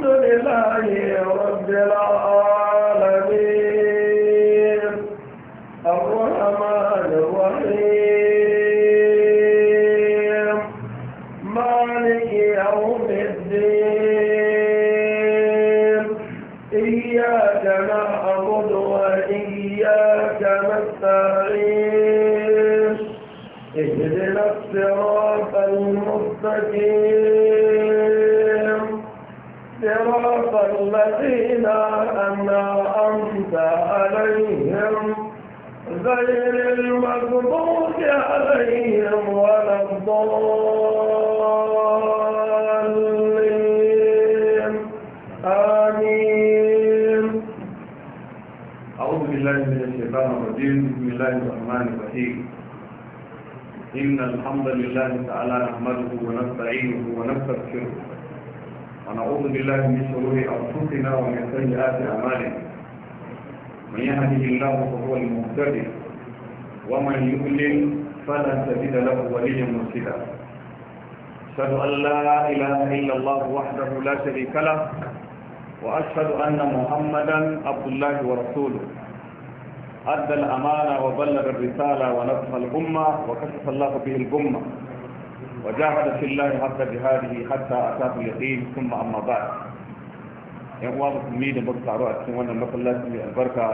لله رب العالمين غير المغضوب عليهم ولا الضالين آمين أعوذ بالله من الشيطان الرجيم بسم الله الرحمن الرحيم إن الحمد لله تعالى نحمده ونستعينه ونستغفره ونعوذ بالله من شرور أنفسنا ومن سيئات أعمالنا من يهده الله فهو المهتدي ومن يؤلم فلا تجد له وليا مرشدا أشهد أن لا إله إلا الله وحده لا شريك له وأشهد أن محمدا عبد الله ورسوله أدى الأمانة وبلغ الرسالة ونصح الأمة وكشف الله به الأمة وجاهد في الله حتى جهاده حتى أتاه اليقين ثم أما بعد. يعني واضح مين وأنا أتسمونا لك البركة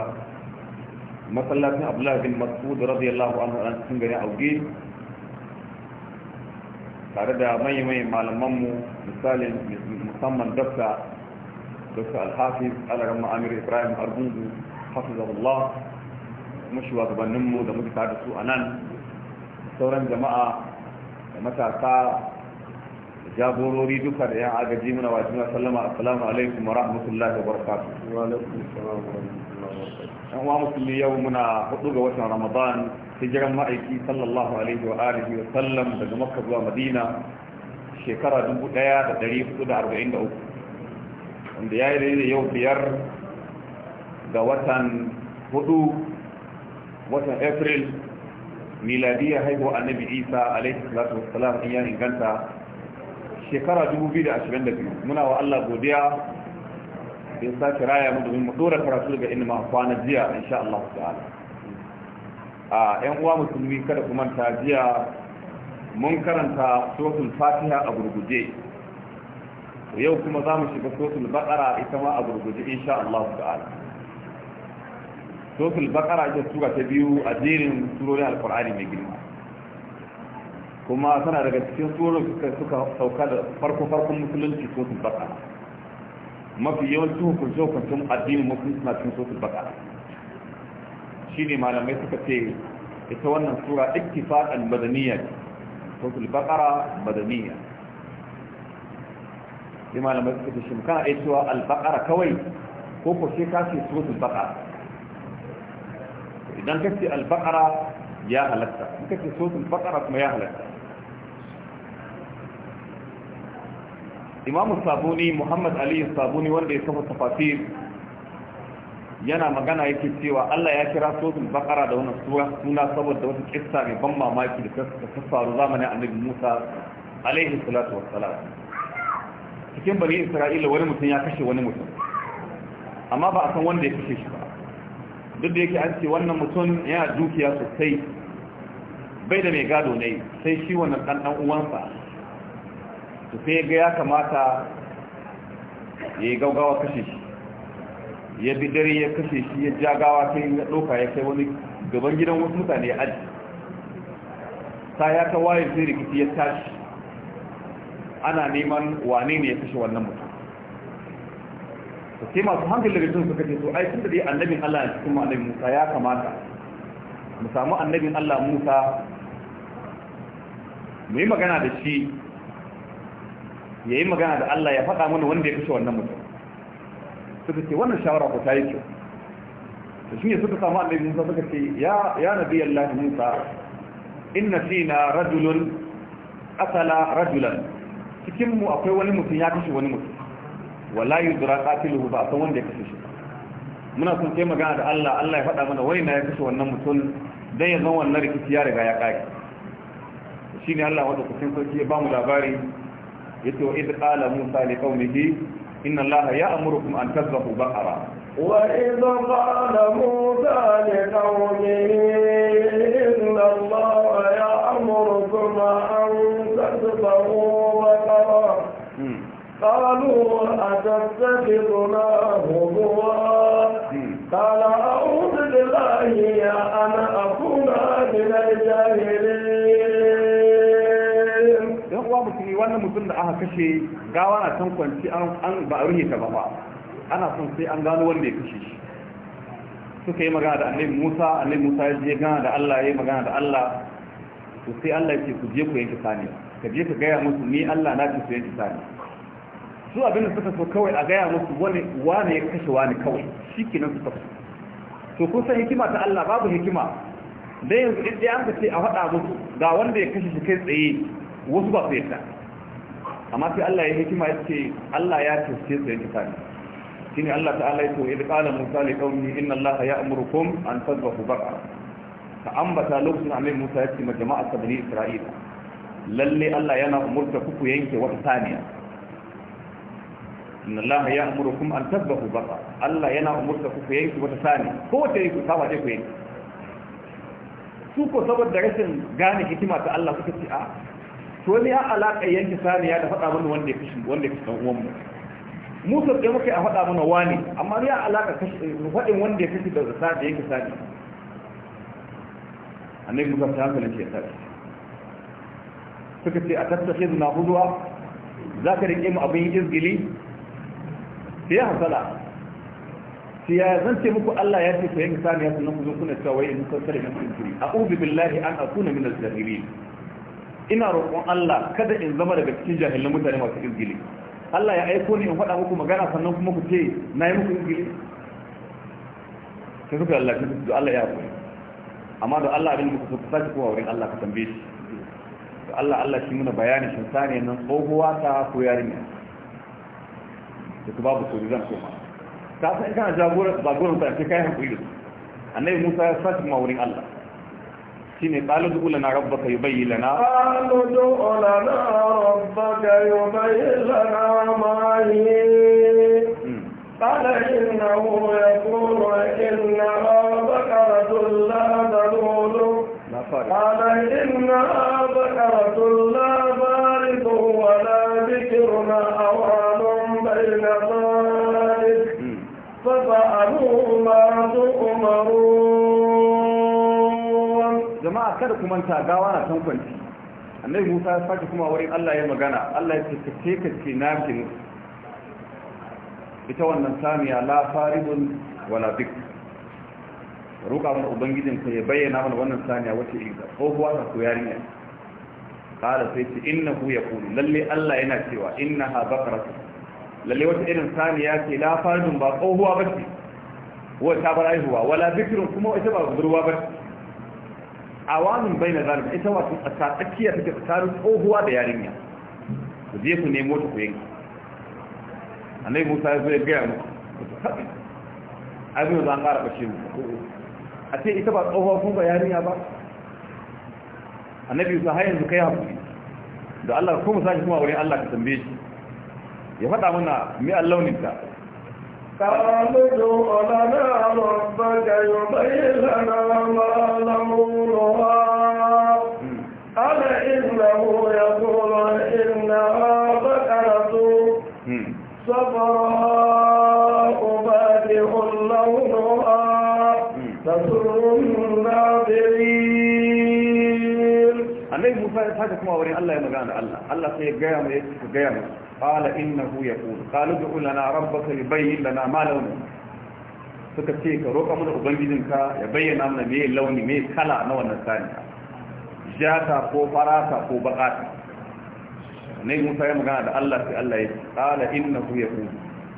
masallacin abdullah bin masud radiyallahu anhu an cikin gari auge tare da manya-manyan malamanmu misalin musamman dafta dafta alhafiz alaran ma'amir ibrahim argungu hafizahullah kuma shugabanninmu da muka tare da su a nan sauran jama'a da matasa jagorori duka da yan agaji muna wa juna sallama assalamu alaikum wa rahmatullahi wa barakatuh wa alaikum assalam wa rahmatullahi wa barakatuh yan musulmi yau muna hudu ga watan ramadan hijiran ma'aiki sallallahu alaihi wa alihi wa sallam daga makka zuwa madina shekara 1443 wanda ya yi da yau biyar ga watan hudu watan april miladiyya haihuwa annabi isa alaihi salatu wassalam in ya inganta shekara 2022 muna wa Allah godiya da ya sake raya mu domin mu dora karatu daga inda ma kwana jiya insha Allah ta'ala a yan uwa musulmi kada ku manta jiya mun karanta suratul fatiha a gurguje yau kuma za mu shiga suratul baqara ita ma a gurguje insha Allah ta'ala suratul baqara ita suka ta biyu a jerin surorin alqur'ani mai girma kuma tana daga cikin tsoron suka sauka da farko-farkon musulunci ko sun baka mafi yawancin hukunce hukuncin addinin musulunci na cikin sosul baka shi ne malamai suka ce ita wannan sura ittifaqan madaniya ne sosul bakara madaniya ne malamai suka ce shimka a cewa albakara kawai ko ko sai ka ce sosul baka idan ka ce al ya halatta in ka ce sosul bakara kuma ya halatta imamu sabuni muhammad Aliyu sabuni wanda ya saba tafasir yana magana yake cewa Allah ya kira sotul bakara da wannan suna saboda wata kissa mai ban mamaki da ta faru zamanin annabi Musa alaihi salatu wassalam cikin bani Isra'ila wani mutum ya kashe wani mutum amma ba a san wanda ya kashe shi ba duk da yake an ce wannan mutum yana dukiya sosai bai da mai gado ne sai shi wannan dan ɗan uwansa to sai ga ya kamata ya yi gaugawa kashe shi ya bi dare ya kashe shi ya ja gawa sai ya ɗauka ya kai wani gaban gidan wasu mutane ya aji ta ya ta waye sai rikici ya tashi ana neman wane ne ya kashe wannan mutum sai masu hankali daga sun suka ce to ai tun da dai annabin Allah ya cikin annabin Musa ya kamata mu samu annabin Allah Musa mu yi magana da shi yayi magana da Allah ya faɗa mana wanda ya kashe wannan mutum suka ce wannan shawara ku ta yi kyau shi ne suka samu annabi Musa suka ce ya ya nabi Allah Musa inna fina rajulun asala rajulan cikin mu akwai wani mutum ya kashe wani mutum wala yudra qatiluhu ba san wanda ya kashe shi muna son kai magana da Allah Allah ya faɗa mana wai na ya kashe wannan mutum dan ya zama wannan rikici ya riga ya shi shine Allah wanda kusin sarki ya ba mu labari yace wa idh qala musa li qaumihi inna allaha ya'murukum an tadhbahu baqara wa idh qala musa li qaumihi inna allaha ya'murukum an tadhbahu baqara قالوا أتتخذنا هزوا قال أعوذ بالله أن أكون من الجاهلين ranar mutum da aka kashe gawa na can kwanci an ba a rufe ta ba ba ana son sai an gano wanda ya kashe shi suka yi magana da annabi musa annabi musa ya je gana da allah ya yi magana da allah to sai allah ya ce ku je ku yanke sani ka je ka gaya musu ni allah na ce ku yanke sani su abin da suka so kawai a gaya musu wani wane ya kashe wani kawai shi kenan su tafi to kun san hikima ta allah babu hikima dai yanzu in dai an ka ce a faɗa musu ga wanda ya kashe shi kai tsaye wasu ba su yadda amma sai Allah ya hikima ya ce Allah ya tafiye su yanki sani shi ne Allah ta'ala ya ce idan kala musa li qaumi inna Allah ya amurukum an ku baqara ka ambata lokacin amin Musa ya ce ma jama'a ta bani Isra'ila lalle Allah yana umurta ku yanke wata saniya inna Allah ya amurukum an ku baqara Allah yana umurta ku yanke wata saniya ko wace ku saba ku yanke su ko saboda rashin gane hikima ta Allah suka ce a to ni a alaka yanki saniya da faɗa mana wanda ya kashi wanda ya kashi ɗan uwan mu mu so da muke a faɗa mana wani amma ne a kashi faɗin wanda ya kashi da zata da yanki saniya annabi musa ta hankalin ke tashi suka ce a tattace na huzuwa za ka riƙe mu abin izgili sai ya hasala sai ya zance muku Allah ya ce ku yanki saniya sannan ku zo kuna cewa wai in kun sare nan kun kuri a'udhu billahi an akuna min al-jahilin ina roƙon Allah kada in zama daga cikin jahilan mutane masu izgili Allah ya aiko ni in faɗa muku magana sannan kuma ku ce na yi muku izgili sai suka Allah su da Allah ya haƙuri amma da Allah abin muku suka sace kowa wurin Allah ka tambaye shi da Allah Allah shi muna bayani shin sani nan tsohuwa ta ko yarinya da ku babu sori zan koma ka san kana jagoran jagoran ta kai haƙuri annabi Musa ya sace ma wurin Allah shine qalu du lana rabbaka yubayyin lana qalu du lana rabbaka yubayyin lana ma hi qala innahu yaqulu inna baqaratun la dalulu قال إنها بقرة لا بارد ولا ذكرنا أوان بين ذلك ففعلوا ما تؤمرون jama'a kada ku manta gawa na can kwanci annabi musa ya sake kuma wurin allah ya magana allah ya ce ka ce na ki musu ita wannan samiya la faridun wala bik ruka mana ubangijin ka ya bayyana mana wannan samiya wace iza kuwa ta ko yarinya kada sai ce innahu yaqulu lalle allah yana cewa innaha baqaratun lalle wata irin samiya ce la faridun ba ba ce wata bara haihuwa wala bikirun kuma ita ba budurwa ce awamin bai na zalim ita wato a tsakiya take tsakanin tsohuwa da yarinya ku je ku nemo ta ku yanki nai musa ya zo ya gaya muku haɗi abin za a ƙara ɓace muku a ce ita ba tsohuwa kuma ba yarinya ba annabi musa har yanzu kai haƙuri da allah ko mu sake kuma wurin allah ka tambaye shi ya faɗa mana mai ta? قالوا ادع لنا ربك يبين لنا ما لونها قال انه يقول انها بقره صفراء فاتح لونها تسر الناظرين النبي موسى ya saka kuma wurin Allah ya magana Allah Allah sai ya gaya mai gaya mai qala innahu yaqul qalu du'u lana rabbaka yubayyin lana ma launu suka ce ka roƙa mana ubangijinka ya bayyana mana me launi me kala na wannan saniya jata ko farata ko baƙata. ne Musa ya magana da Allah sai Allah ya qala innahu yaqul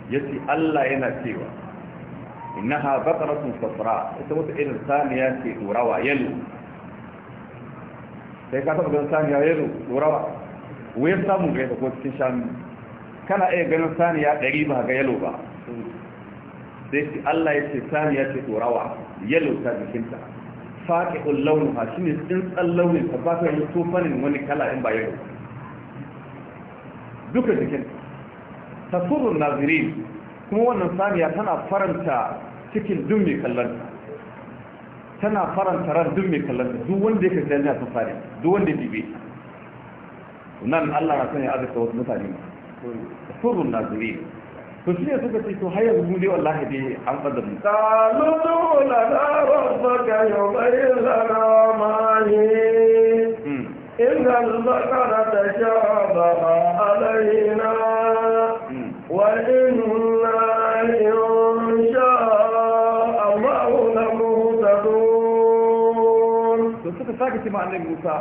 yace Allah yana cewa innaha baqaratun safra ita wata irin saniya ce dorawa yalo sai ka taɓa ganin saniya yalo dorawa wai samu gaita ko cikin shanu kana iya ganin saniya ɗari ba ga yalo ba sai ce Allah ya ce saniya ce turawa yalo ta jikinta faƙi'ul launuha shine tsintsan launin ta ba ta yi tofanin wani kala in ba yalo duka ta tasurun nazirin kuma wannan saniya tana faranta cikin dun mai kallonta. tana faranta ran dun mai kallonta duk wanda ya kasance ya sun fare duk wanda ya bibe nan Allah na sanya arzika wasu mutane surun nazirin to shi ne suka ce to har yanzu dai wallahi dai an kadar mu qalu lana rabbaka yubayyin lana ma hi inna al-baqara tashabaha alaina wa inna insha Allah lamuhtadun to suka sake ce ma annabi Musa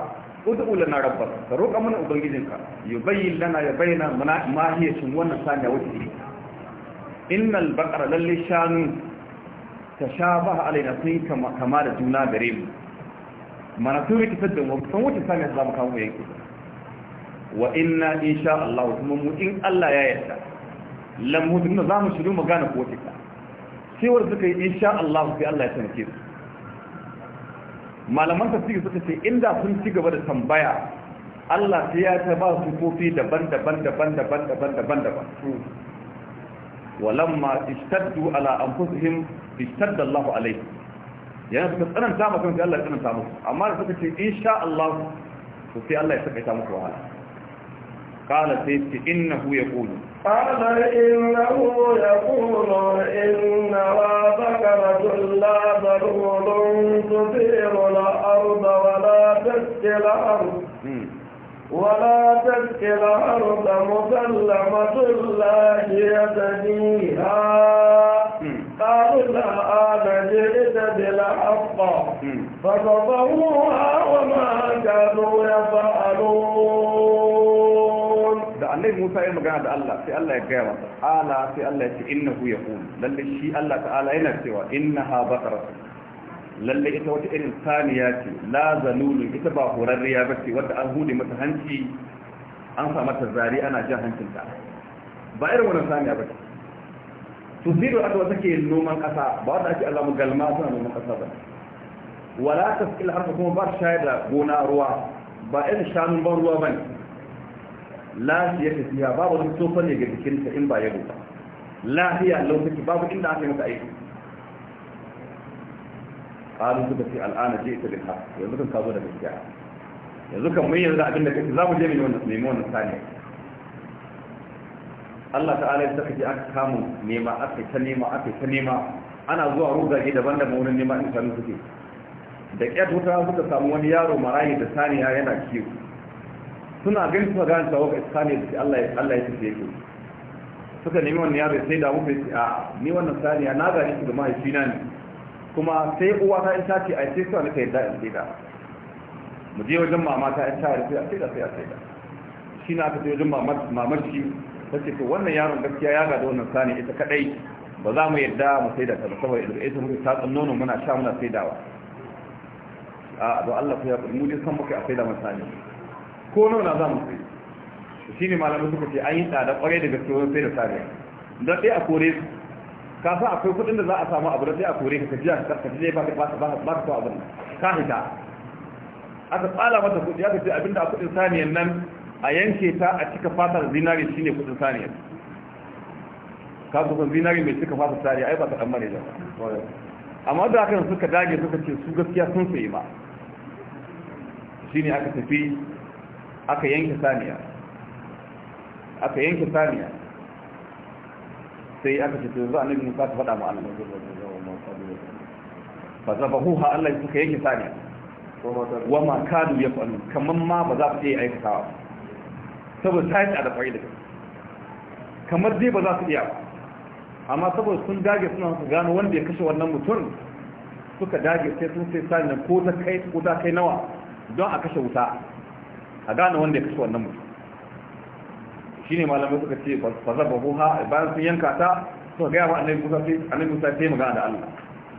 ud'u lana rabbaka ka roƙa mana ubangijinka yubayyin lana ya bayyana mana ma hiya shin wannan saniya wace ce innal baqara lalle shanu tashabaha alaina sun kama kama da juna gare mu mana sun rike fadda mu san wace saniya za mu kawo yanki wa inna insha Allah kuma mu in Allah ya yarda lam mu za mu shiru magana ko wace ka sai wanda suka yi insha Allah sai Allah ya sanke su malaman tafsiri suka ce inda sun ci gaba da tambaya Allah sai ya ta ba su kofi daban-daban daban-daban daban-daban daban walamma istaddu ala anfusihim istadda Allah alaihi. yana suka tsananta maka sai Allah ya tsananta musu amma da suka ce insha Allah to sai Allah ya saka ta muku wahala qala sai ce innahu yaqulu قال إنه يقول إن بقرة لا ضرور تثير الأرض ولا تسقي الأرض ولا تسقي الأرض مسلمة لا هي تجيها قال لا آن جئت بالحق فكفروها وما كانوا يفعلون annabi Musa ya magana da Allah sai Allah ya gaya masa ala sai Allah ya ce innahu yaqul lalle shi Allah ta'ala yana cewa innaha baqara lalle ita wata irin saniya ce la zalulu ita ba horarriya ba ce wadda an hude mata hanci an sa mata zari ana jan hancinta ba irin wannan saniya ba ce to zero wata ke noman kasa ba wanda ake Allah mu galma suna noman kasa ba wala tasqil harfa kuma ba shayar da gona ruwa ba irin shanun ban ruwa bane lafiya ta fiya babu wani tofar ne ga jikinta in ba ya ba lafiya lokaci babu inda aka yi mata aiki ƙarin suka ce al'ana ce ita bin haka yanzu kan kazo da gaskiya yanzu kan mun yanzu abin da kake za mu je mu nemi wannan saniya Allah ta'ala ya saka ji aka kamu nema aka ta nema aka ta nema ana zuwa rugage daban da wurin nema in sanu suke da ƙyar wuta suka samu wani yaro marayi da saniya yana kiwo suna gani suka gane cewa ka iska ne Allah Allah ya tafi ku suka nemi wannan yaro sai da mu fi a ni wannan saniya na gani shi ga mahaifina ne kuma sai uwa ta in tace a sai suka nika yadda in sai da mu je wajen mama ta in tare sai a sai da sai a sai da shi na aka je wajen mama mamar shi tace to wannan yaron gaskiya ya gada wannan saniya ita kadai ba za mu yadda mu sai da ta saboda idan ita muke ta nono muna sha muna saidawa a don Allah ku ya mu je san muke a saida masani ko nuna za mu kai? shi ne malamai suka ce an yi tsada kwarai daga gaske wajen sai da sariya don sai a kore su ka san akwai kudin da za a samu abu da sai a kore ka kaji ka kaji ba ka ba ka so abin ka hita aka tsala mata kudi aka ce abinda a kudin saniyan nan a yanke ta a cika fatar zinari shine kudin saniyan ka zo zinari mai cika fatar saniya ai ba ta dan mare da amma da hakan suka dage suka ce su gaskiya sun sayi ba shine aka tafi aka yanke saniya aka yanke saniya sai aka ce zuwa annabi Musa ta faɗa mu annabi fa zabahuha Allah suka yanke saniya wa ma kadu yafalu kaman ma ba za su iya aikatawa saboda ta yi da fa'ida kamar dai ba za su iya amma saboda sun dage suna su gano wanda ya kashe wannan mutum suka dage sai sun sai saniya ko ta kai ko ta kai nawa don a kashe wuta a gane wanda ya kashe wannan mutum ne malamai suka ce ba zaba buha bayan sun yanka ta suka gaya ba annabi musa sai annabi musa sai magana da Allah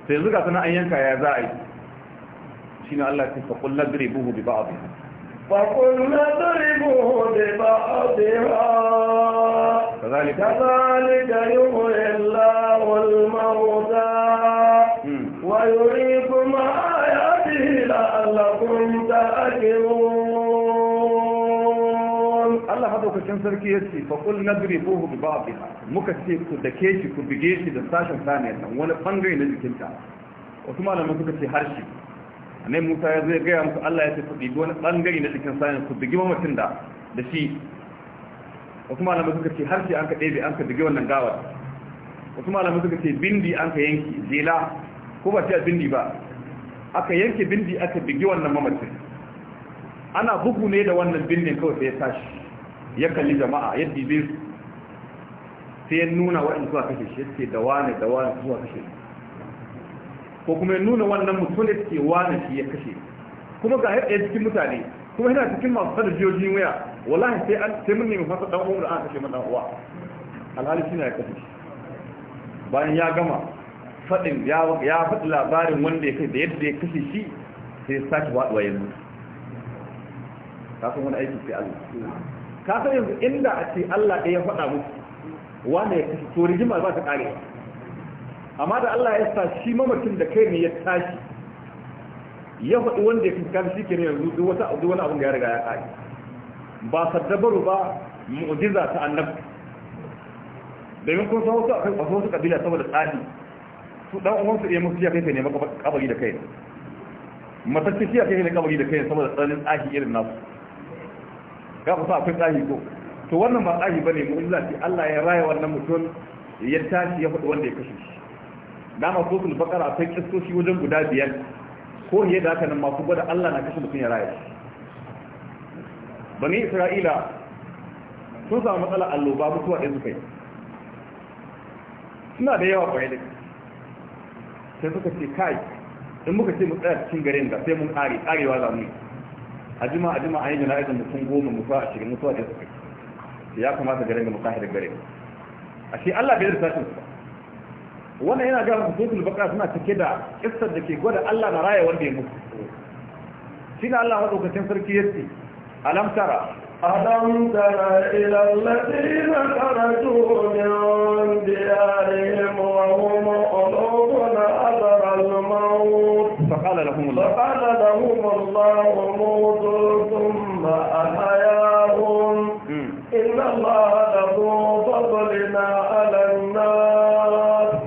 sai yanzu ga suna an yanka ya za a yi ne Allah ya ce fa qul ladribuhu bi ba'dih fa qul ladribuhu bi ba'dih كذلك كذلك يحيي الله الموتى ويريكم آياته لعلكم تأكلون madaukakin sarki ya ce faƙul na buhu bi ba'dha muka ce ku dake shi ku bige shi da sashen saniya nan wani bangare na jikinta wasu malaman suka ce harshe ne Musa ya zai gaya musu Allah ya ce ku bige wani bangare na jikin saniya ku bige mamacin da da shi wasu malaman suka ce harshe an ka ɗebe an ka bige wannan gawar wasu malaman suka ce bindi an ka yanki jela ko ba ce bindi ba aka yanke bindi aka bige wannan mamacin ana bugu ne da wannan bindin kawai sai ya tashi ya kalli jama'a ya dibe su sai ya nuna waɗanda suka kashe shi ya ce da wane da wane suka kashe ko kuma ya nuna wannan mutum da ce wane shi ya kashe kuma ga yadda cikin mutane kuma yana cikin masu sadar jiyojin waya wallahi sai an sai mun nemi fasa dan umar da kashe mana uwa alhali shi na ya kashe bayan ya gama faɗin ya faɗi labarin wanda ya kai da yadda ya kashe shi sai ya sake waɗuwa yanzu kafin wani aiki sai Allah ka san yanzu inda a ce Allah ɗaya faɗa musu wanda ya fi to rigima ba ta ƙare amma da Allah ya sa shi mamakin da kai ne ya tashi ya faɗi wanda ya kan shi ke ne yanzu duk wata abu wani abu da ya riga ya ƙare ba saddabaru ba mu'jiza ta annabi domin kun san wasu akwai wasu kabila saboda tsari su dan uwan su iya musu ya kai ne maka kabari da kai matacce shi ya kai ne kabari da kai saboda tsarin tsaki irin nasu ka sa akwai tsahi ko to wannan ba tsahi bane illa ce Allah ya raya wannan mutum ya tashi ya faɗi wanda ya kashe shi dama ko sun bakara akwai kistoshi wajen guda biyar ko ne da haka nan masu gwada Allah na kashe mutum ya raya shi bani Isra'ila sun samu matsala alloba mutuwa ɗaya suka yi suna da yawa kwaye da sai suka ce kai in muka ce mu tsaya cikin garin da sai mun ƙare ƙarewa za mu yi a jima a jima a yi jana'izar mutum goma mutuwa a cikin mutuwa da suka ya kamata garin da mutahir gare a shi Allah bai rasa shi wannan yana ga hukumul baqara suna cike da kissar da ke gwada Allah na raya wanda ya mutu shine Allah madaukakin sarki yace alam tara ألم تر إلى الذين خرجوا من ديارهم وهم لهم الله فقال لهم الله موتوا ثم أحياهم إن الله لذو فضل على الناس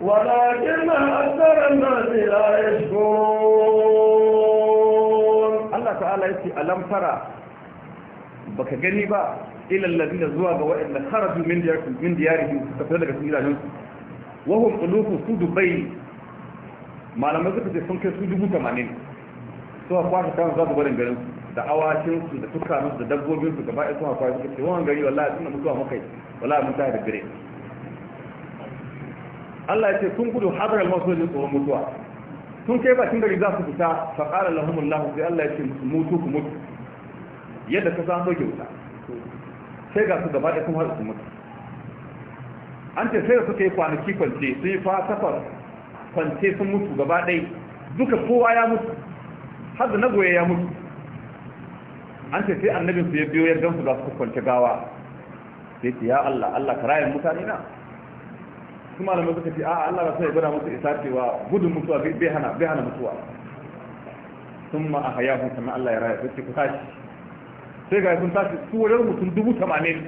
ولكن أكثر الناس لا يشكرون الله تعالى يقول ألم ترى baka gani ba ilal ladina zuwa ga waɗanda kharaju min diyarihim suka fita daga gidajensu wahum qulufu Dubai. malamai suka ce sun kai su dubu tamanin suka kwashe kan za su barin garin da su da tukanunsu da dabbobinsu gaba ɗaya suna kwashe suka ce wani gari wallahi suna mutuwa makai wallahi mun tare da gare Allah ya ce sun gudu hadar almasojin tsoron mutuwa sun kai bakin gari za su fita fa qala lahum Allah sai Allah ya ce musu mutu ku mutu yadda ka san doke wuta sai ga su gaba ɗaya sun haɗu su mutu an ce sai da suka yi kwanaki kwance sun yi fa safar kwance sun mutu gaba ɗai duka kowa ya mutu har da nagoya ya mutu an ce sai annabin su ya biyo ya gansu za su kwance gawa sai ce ya Allah Allah ka rayar mutane na su malamai suka ce a Allah ba sai ya gwada musu isa cewa gudun mutuwa bai hana mutuwa sun ma a hayahun sannan Allah ya raya sai ce ku tashi sai ga sun tashi su wajen mutum dubu tamanin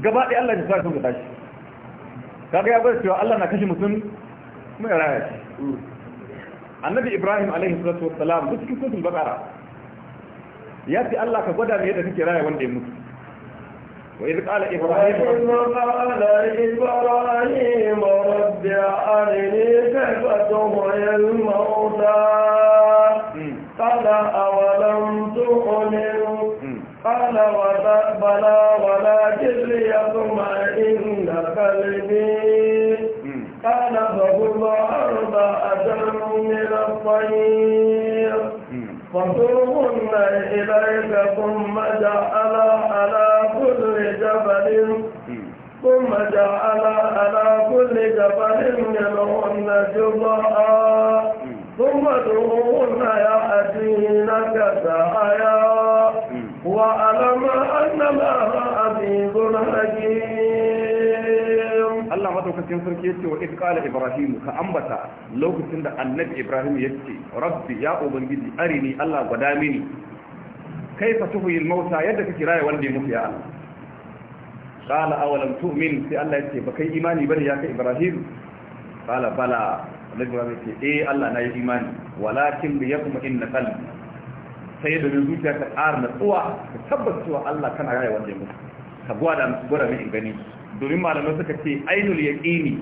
gaba ɗaya Allah ya sa sun ka tashi kaga ya gwada cewa Allah na kashe mutum kuma ya raya annabi ibrahim alaihi salatu wassalam duk cikin suratul baqara ya ce Allah ka gwada ne yadda kake raya wanda ya mutu وإذ قال إبراهيم قال إبراهيم رب أرني كيف تحيي الموتى قال أولم تؤمن قال بلى kuma ليطمئن قلبي فنفهما أربعة من الطير فصرهن إليك ثم جعل على كل جبل ثم جعل على كل جبل منهن جزءا ثم ادعوهن يأتينك سعيا واعلم أن الله عزيز حكيم cikin sarki yace wa id qala ibrahim ka ambata lokacin da annabi ibrahim yace rabbi ya ubangiji arini allah gwada mini kaifa tuhyi al-mauta yadda kake raye wanda ya mutu ya allah qala awalam tu'min sai allah yace ba kai imani bane ya kai ibrahim qala bala annabi ibrahim yace eh allah na yi imani walakin bi yakma inna qalbi sai da mun zuciya ta ƙara natsuwa ka tabbata cewa allah kana raye wanda ya mutu ka gwada mu gwada mu in gani domin malamai suka ce ainul yaqini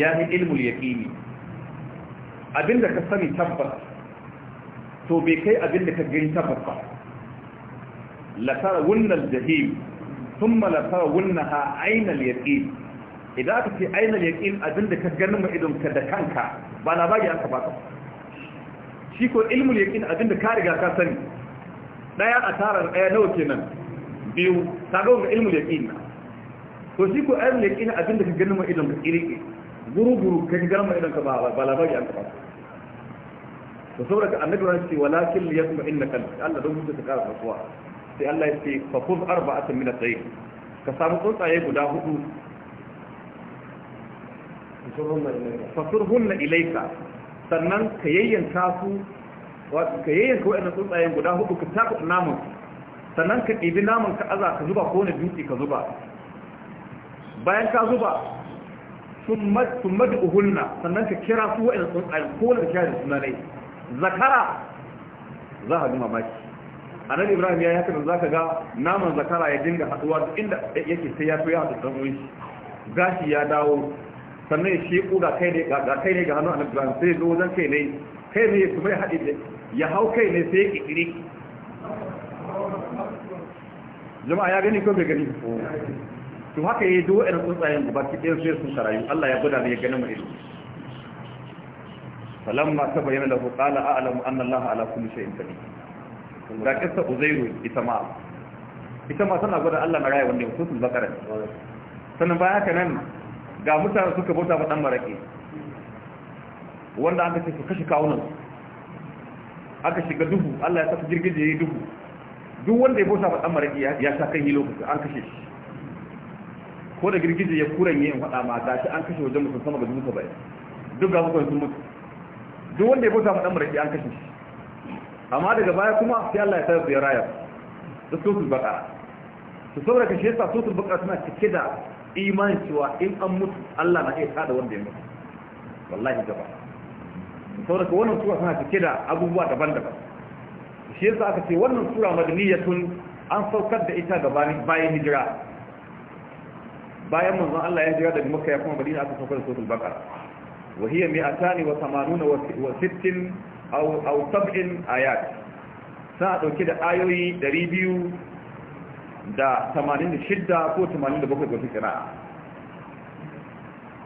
ya fi ilmul yaqini abinda ka sani tabbas to bai kai abinda ka gani tabbas ba lasara tara wannan sun ma lasara tara ha ainul yaqini idan aka ce ainul yaqin abinda ka gani ma idon da kanka ba na bagi aka baka shi ko ilmul yaqin abinda ka riga ka sani Ɗaya a tarar ɗaya nawa kenan biyu ta ga ilmul yaqin to shi ko ayyul yaqin abin da ka gani ma idan ka kirike guru guru ka gani ma idan ka ba ba labari an ka ba to saboda ka annabi ran ce walakin liyasma innaka Allah don mutu ka kara kasuwa sai Allah ya ce fa khudh arba'atan min at-tayr ka samu tsuntsaye guda hudu fasurhunna ilaika. sannan ka yayyanka su wato ka yayyanka wa'annan tsuntsayen guda hudu ka taka naman sannan ka ɗibi naman ka aza ka zuba ko na dutse ka zuba bayan ka zuba sun madu uhunna sannan ka kira su wa'in sun ko da kira suna ne zakara za a gama maki a nan ibrahim ya yi haka da za ka ga naman zakara ya dinga haɗuwa duk inda yake sai ya toya da tsanwai gashi ya dawo sannan ya sheku ga kai ne ga hannu a nan ibrahim sai zo wajen kai ne kai ne kuma ya haɗe da ya hau kai ne sai ya ƙiƙiri jama'a ya gani ko bai gani to haka yayi duk wa'annan tsuntsayen gaba ki ɗaya sai sun sharayu Allah ya guda da ya gani Salam ma ido falamma tabayyana lahu a a'lamu anna Allah ala kulli in qadir da kissa uzairu ita ma ita ma tana gwada Allah na raya wanda yake sun bakara sannan baya haka nan ga mutane suka bauta ba dan maraki wanda aka ce su kashe kawunan aka shiga duhu Allah ya saka ya yi duhu duk wanda ya bauta ba dan maraki ya sha kai lokacin an kashe shi ko da girgije ya kuren yin faɗa ma ga shi an kashe wajen mutum sama da ba ya. duk ga bakwai sun mutu duk wanda ya bauta ma dan maraki an kashe shi amma daga baya kuma sai Allah ya tsaya ya raya da sosul baka su saboda kashe yasa sosul baka suna cike da imanin cewa in an mutu Allah na iya tada wanda ya mutu wallahi gaba saboda ka wannan sura suna cike da abubuwa daban-daban shi yasa aka ce wannan sura madaniyatun an saukar da ita gabanin bayan hijira bayan manzon Allah ya jira daga Makka ya kuma Madina aka saukar da suratul Baqara wa hiya 280 wa 60 aw aw 70 ayat sa dauke da ayoyi 200 da 86 ko 87 ko kira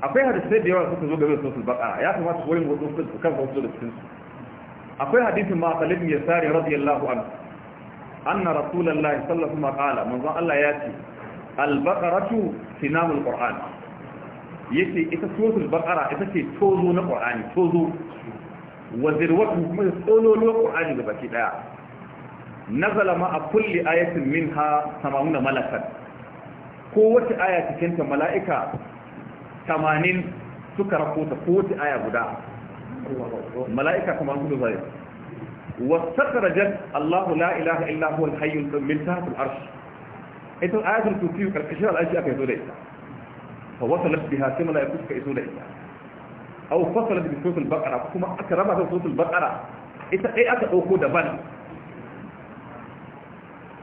akwai hadisai da yawa suka zo game da suratul Baqara ya kamata su wurin wasu su kan wasu da cikin akwai hadisin ma Khalid bin Yasari radiyallahu anhu anna rasulullahi sallallahu alaihi wasallam qala manzon Allah ya ce al sinamun sinamul qur'an yace ita suratul baqara ita ce tozo na qur'ani tozo wa zirwatu kuma tozo na qur'ani da baki daya na ma a kulli ayatin minha sama'una malakan ko wata aya cikinta mala'ika 80 suka rakota ko wata aya guda mala'ika 80 zai wa sakarajat Allahu la ilaha illa huwa al-hayyul min tahtil arsh ita ayatul kursiyu karkashin al'ashi aka yi da ita fa wasalat biha sai mala'iku suka iso da ita aw fasalat bi suratul baqara kuma aka raba ta suratul baqara ita dai aka dauko daban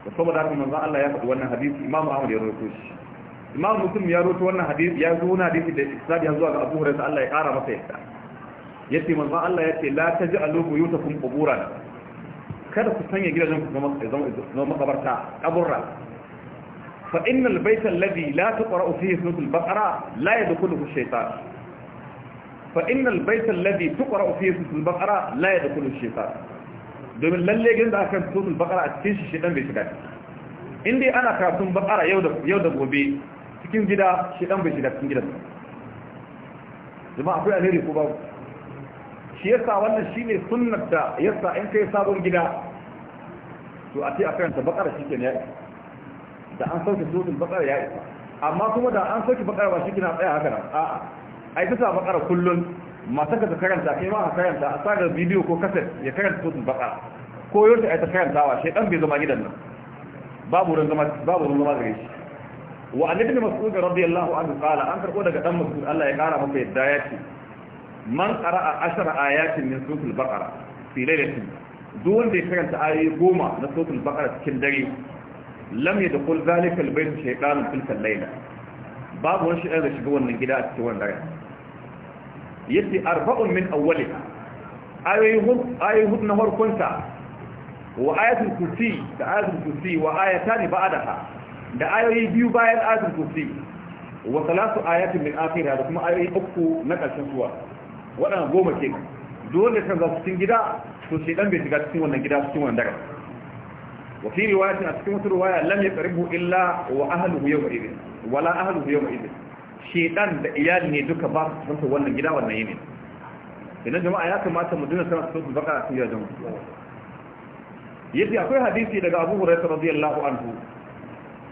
da saboda haka manzo Allah ya faɗi wannan hadisi Imam Ahmad ya rawaito shi Imam Muslim ya rawaito wannan hadisi ya zo na hadisi da isnadi zuwa ga Abu Hurairah Allah ya ƙara masa yadda yace manzo Allah yace la taj'alu buyutakum quburan kada ku sanya gidajen ku zama zama makabarta kaburra فإن البيت الذي لا تقرأ فيه سورة البقرة لا يدخله الشيطان فإن البيت الذي تقرأ فيه سورة البقرة لا يدخله الشيطان domin lalle gidan da aka fito sul bakara a cikin shi shedan bai shiga in dai ana karatun bakara yau da gobe cikin gida shedan bai shiga cikin gidan jama'a akwai alheri ko babu shi yasa wannan shine sunnar da yasa in kai sabon gida to a ce a karanta da an sauke suratul baqara ya isa amma kuma da an sauke baqara ba shi kina tsaya haka nan a'a ai ta sa baqara kullun masu ka karanta kai ma ka karanta a sagar bidiyo ko kaset ya karanta suratul baqara ko yau ai ta karantawa dan bai zama gidan nan babu ran zama babu ran zama gare shi wa an ibn mas'ud radiyallahu anhu qala an karbo daga dan mas'ud Allah ya kara masa yadda ya ce man qara'a ashara ayatin min suratul baqara fi lailatin duk wanda ya karanta ayoyi goma na suratul baqara cikin dare lam ya dukul zalika albayt shaytan tilka layla babu wani shaytan da shiga wannan gida a cikin wannan dare Yadda arba'un min awwaliha ayyuhum ayyuhum na harkunta wa ayatul kursi da ayatul kursi wa ayatan ba'daha da Da ayoyi biyu bayan ayatul kursi wa salatu ayatin min akhirha da kuma ayoyi uku na karshen suwa waɗannan goma kenan dole kan za su cikin gida to shaytan bai shiga cikin wannan gida cikin wannan dare wa fi riwayatin a cikin wata riwaya lam yaqribu illa wa ahluhu yawma idin wala ahluhu yawma idin shedan da iyali ne duka ba su san wannan gida wannan yini idan jama'a ya kamata mu dinga sanar su baka su ya jama'a yace akwai hadisi daga Abu Hurairah radiyallahu anhu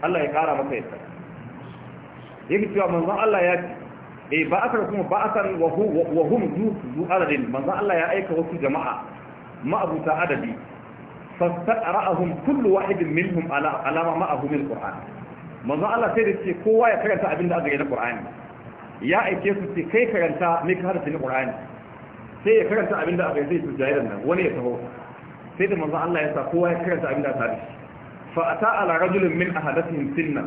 Allah ya kara masa yadda yake cewa manzon Allah ya ce eh ba asar kuma ba asar wa hu wa hum du du aladin manzon Allah ya aika wasu jama'a ma'abuta adadi fastaqra'ahum kullu wahidin minhum ala alama ma'ahu min qur'an Allah sai da ce kowa ya karanta abin da aka yi na qur'ani ya kai karanta me ka hada na sai ya karanta abin da aka nan wani ya taho sai da manzo Allah ya sa kowa ya karanta abin da aka yi fa ata ala rajulin min ahadatihim sinna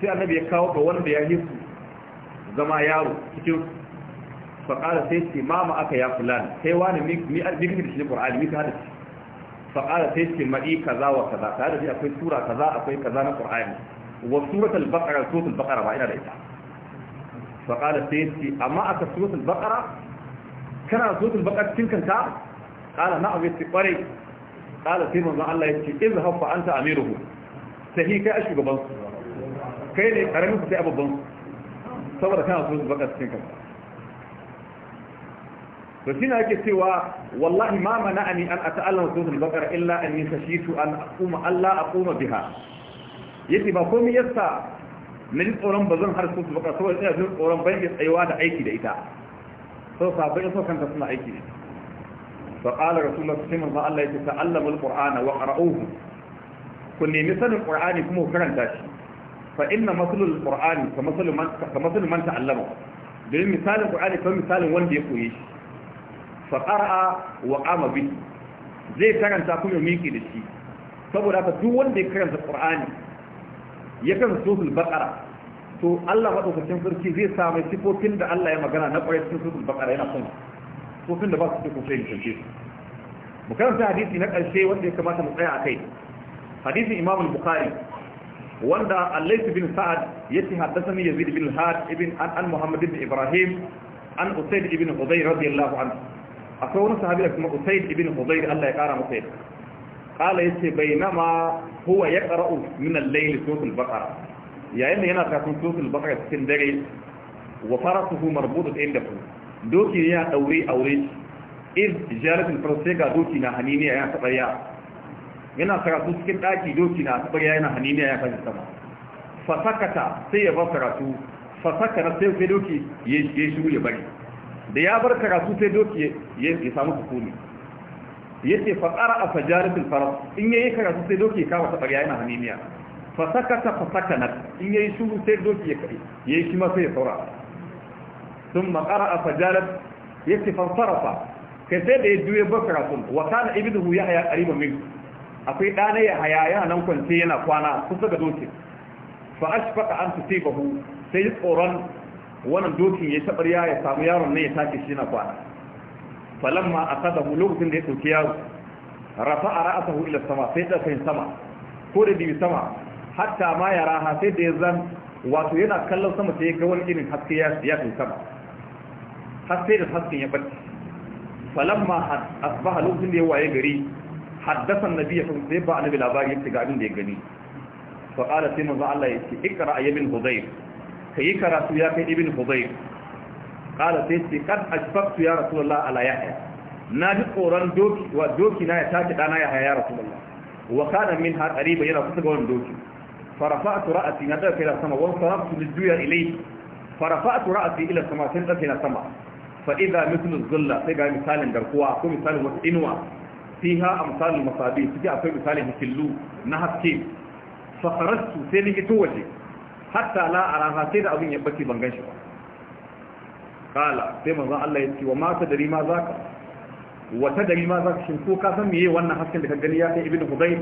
sai annabi ya kawo ga wanda ya yi su zama yaro cikin sai aka ya fulani wani faƙara sai ce ma'i kaza wa kaza tare da akwai sura kaza akwai kaza na qur'ani wa suratul baqara suratul baqara ba ina da ita faƙara sai ce amma aka suratul baqara kana suratul baqara cikin kanta qala na'am yace kwarai qala sai manzo Allah yace izhab fa anta amiruhu sai kai a shugaban kai ne karamin su sai ababban saboda kana suratul baqara cikin kanta to shine yake cewa wallahi ma mana mana'ani an ata'allama suratul baqara illa anni khashitu an aquma alla aquma biha yace ba komai yasa min tsoron bazan har suratul baqara saboda ina jin tsoron ban ya tsayawa da aiki da ita so sabai so kanta suna aiki ne fa qala rasulullah sallallahu alaihi wasallam Allah yace ta'allamu alqur'ana wa qara'uhu kun nemi sanin qur'ani kuma ku karanta shi fa inna maslul qur'ani ka masalul man ka masalul man ta'allama domin misalin qur'ani kamar misalin wanda ya koyi. shi fa wa qama bi zai karanta kuma miki da shi saboda haka duk wanda ya karanta qur'ani ya karanta suratul baqara to Allah madaukakin sarki zai sa mai sifofin da Allah ya magana na ƙwarai cikin suratul baqara yana son sifofin da ba su cikin sai mutunce su mu karanta hadisi na karshe wanda ya kamata mu tsaya akai hadisin Imam al-Bukhari wanda Al-Layth bin Sa'ad yace haddathani Yazid bin Had ibn an Muhammad ibn Ibrahim an Usayd ibn Hudayr radiyallahu anhu akwai wani sahabi da kuma usaid ibn hudayr Allah ya kara masa yadda qala yace bainama huwa yaqra'u min al-layl suratul baqara yayin da yana karatun suratul baqara cikin dare wa farasuhu marbutatun indahu doki ya daure aure iz jalatul farsi ga doki na haniniya yana tabariya yana karatu cikin daki doki na tabariya yana haniniya ya fara sama fasakata sai ya bar karatu fasakata sai doki ya shuru ya bari da ya bar karatu sai doki ya samu hukumi ya ce fatsara a fajarin faras in yayi karatu sai doki ya kama taɓarya yana haniniya fasakata fasakanat in yayi shuru sai doki ya kai ya yi shi ma sai ya saura sun makara a fajarin ya ce fansarafa kai sai da ya juye bar karatun wa kana ibnu ya haya ƙariban min akwai ɗana ya haya yana nan kwance yana kwana kusa ga doki fa ashfaqa an tusibahu sai tsoron wannan dokin ya tabarya ya samu yaron ne ya take shi na kwana falamma akadahu lokacin da ya dauki yaro rafa'a ra'atahu ila sama sai da kai sama ko da bi sama hatta ma ya raha sai da ya zan wato yana kallon sama sai ga wani irin haske ya ya kai sama har sai da hasken ya bacci falamma asbaha lokacin da ya waye gari haddasa annabi ya sai ba annabi labari ya ga abin da ya gani fa qala sai manzo Allah ya ce ikra ayamin hudayr kayi karatu ya kai ibn hudayr qala sai ce kad ashfaqtu ya rasulullah ala yahya na ji tsoron doki wa doki na ya tashi dana ya haya rasulullah wa kana min ha qariba yana kusa ga wannan doki farafa'tu ra'ati na dauke da sama wa saraftu lijuya ilayhi farafa'tu ra'ati ila sama sai dauke na sama fa idha mithlu dhulla sai ga misalin garkuwa ko misalin wata inuwa fiha amsalul masabi suke akwai misalin hikillu na haske fa kharajtu sai ni fito waje hatta la araha sai da abin ya bace ban ganshi ba kala sai manzon Allah ya ce wa ma tadri ma zaka wa tadri ma zaka shin ko ka san meye wannan hasken da ka gani ya kai ibnu hudayr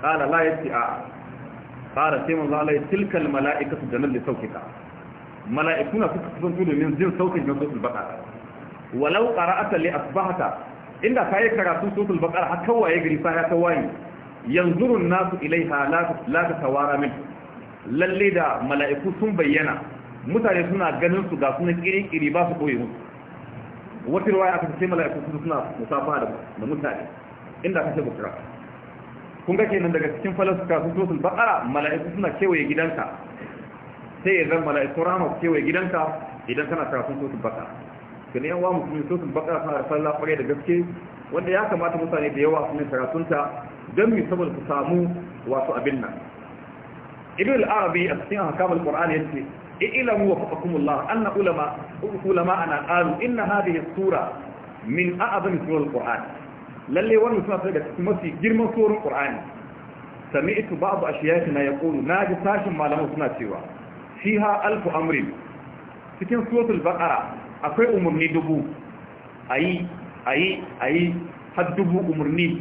kala la yati a kala sai manzon Allah ya tilka al mala'ikatu danal li sautika mala'ikuna suka kusanto domin jin sautin jinsul baqara walau qara'ata li asbahata inda kai karatu suratul baqara har kawaye gari fa ya tawaye yanzurun nasu ilaiha la la tawara minhu lalle da mala'iku sun bayyana mutane suna ganin su ga suna kiri-kiri ba su koyi musu wata ruwa ya kasance mala'iku sun suna musafa da mutane inda aka ce bukira kun ga kenan daga cikin falasuka sun tosul bakara mala'iku suna kewaye gidanka sai ya zan mala'iku rama kewaye gidanka idan kana sun tosul baka gani yawa wa musulmi tosul bakara suna da falla kwarai da gaske wanda ya kamata mutane da yawa su ne karatunta don mu saboda su samu wasu abin nan ibn al-arabi a cikin ahkamul qur'an yace ilamu wa faqakumullah anna ulama ulama ana qalu inna hadhihi sura min a'zami surul qur'an lalle wannan suna daga mafi girman surun qur'ani sami'tu ba'd ashiyakina yaqulu naji sashin malamu suna cewa fiha alfu amrin cikin suratul baqara akwai umurni dubu ayi ayi ayi har dubu umurni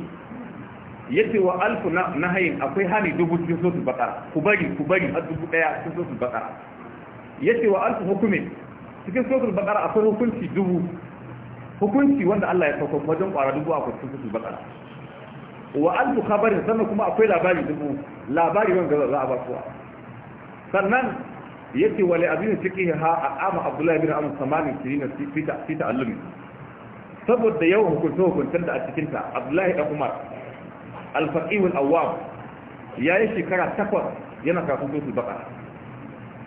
yace wa alfu na hayin akwai hali dubu cikin sosul bakara ku bari ku bari har dubu daya cikin baka bakara yace wa alfu hukume cikin sosul bakara akwai hukunci dubu hukunci wanda Allah ya sauko wajen kwara dubu akwai cikin su bakara wa alfu kabarin sannan kuma akwai labari dubu labari wanda za a ba kowa sannan yace wa li abin cikin ha ama abdullahi bin amr samanin kirina fita allumi saboda yawan hukunce hukuncen da a cikinta abdullahi dan umar alfaqiwul awwam yayi shekara takwas yana kafin suratul baqara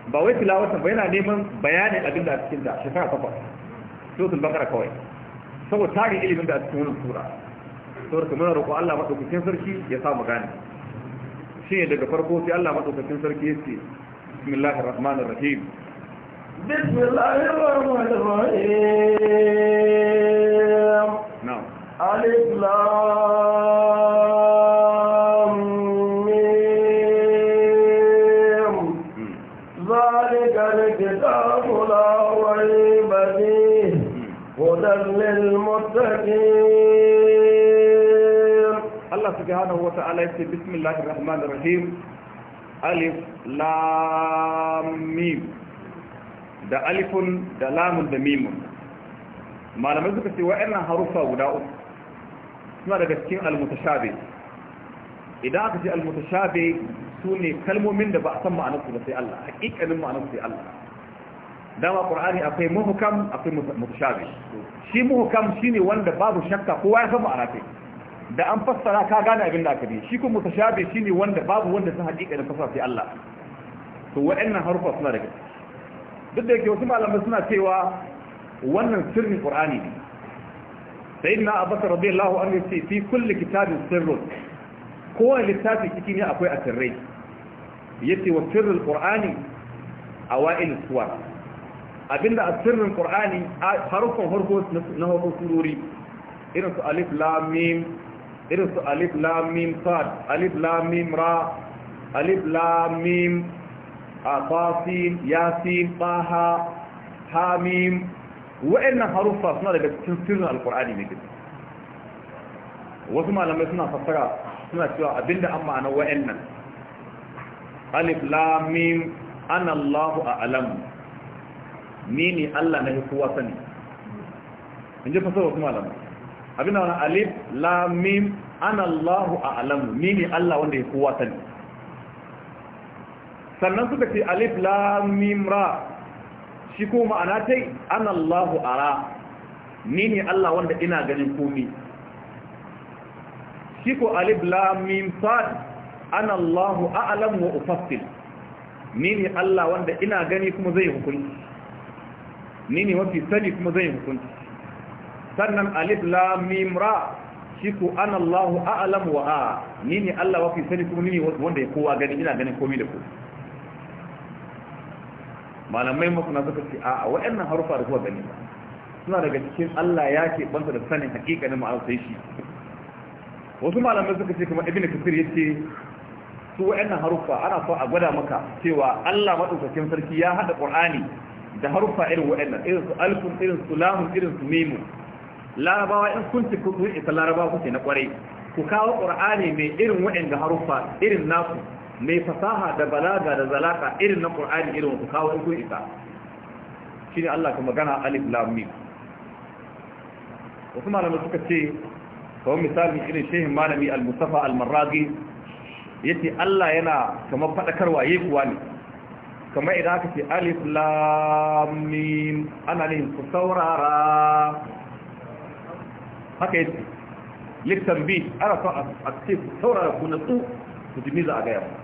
ba wai tilawatan ba yana neman bayanin abinda a cikin da shekara takwas suratul baqara kawai saboda tarin ilimin da a cikin wannan sura saboda kamar roƙo Allah madaukakin sarki ya samu gane shi ne daga farko sai Allah madaukakin sarki ya ce bismillahir rahmanir rahim bismillahir rahmanir rahim na'am alif lam subhanahu wa ta'ala yace bismillahir rahmanir rahim alif lam mim da alifun da lamun da mimun malamai suka ce wa'annan harufa guda uku suna daga cikin almutashabi idan aka ce almutashabi su sune kalmomin da ba a san ma'anarsu da sai Allah hakikanin ma'anarsu sai Allah dama qur'ani akwai muhkam akwai mutashabi shi muhkam shine wanda babu shakka kowa ya san ma'anar da an fassara ka gane abin da aka bi shi kuma mutashabi shine wanda babu wanda san hakika da fassara sai Allah to wa'annan harufa suna da daga duk da yake wasu malamai suna cewa wannan sirrin qur'ani ne sayyidina abbas radiyallahu anhu yace fi kulli kitabin sirrun wani littafi ciki ne akwai asirrai yace wa sirrul qur'ani awail suwar abinda asirrin qur'ani harufan harfo na harfo surori irin su alif lam mim irin su alif lamim sad alif lamim ra alif lamim afasin yasin taha hamim wa'annan haruffa suna daga cikin sirrin alkur'ani ne gidi wasu malamai suna fassara suna cewa abinda an ma'ana wa'annan alif lamim ana Allahu a'lam ni ne Allah na kowa sani in ji fasara wasu malamai abin wani alif lamim an a alamu ni ne allah wanda ya kowa sani sannan suka ce alif lamim ra shi ko ma'ana ta yi an ara ni ne allah wanda ina ganin komi shi ko alif lamim sad an a alamu wa ufassil ni ne allah wanda ina gani kuma zai hukunci ni ne mafi sani kuma zai hukunci sannan alif lam mim ra shi ana Allahu a'lam wa a ni ne Allah wafi sani kuma ni wanda ya kowa gani ina ganin komai da ku. malamai masana suka ce a waɗannan harufa da kuwa gani suna daga cikin Allah ya ke banta da sanin hakikanin ma'ana sai shi wasu malamai suka ce kuma ibnu kasir yace su wa'annan harufa ana so a gwada maka cewa Allah madaukakin sarki ya hada qur'ani da harufa irin wa'annan, irin su alfun irin su lamun irin su mimun larabawa in kun ci kun isa larabawa kuke na kwarai ku kawo qur'ani mai irin da haruffa irin naku mai fasaha da balaga da zalaka irin na qur'ani irin ku kawo in kun isa shine Allah ka magana alif lam wasu malamai suka ce kawai misali irin shehin malami al-mustafa al-marragi ce Allah yana kamar fadakarwa yayi kuwa ne kamar idan aka ce alif lam ana ne ku saurara haka yake littan bi ana son a ce saurara ku natsu ku jimi za a gaya mu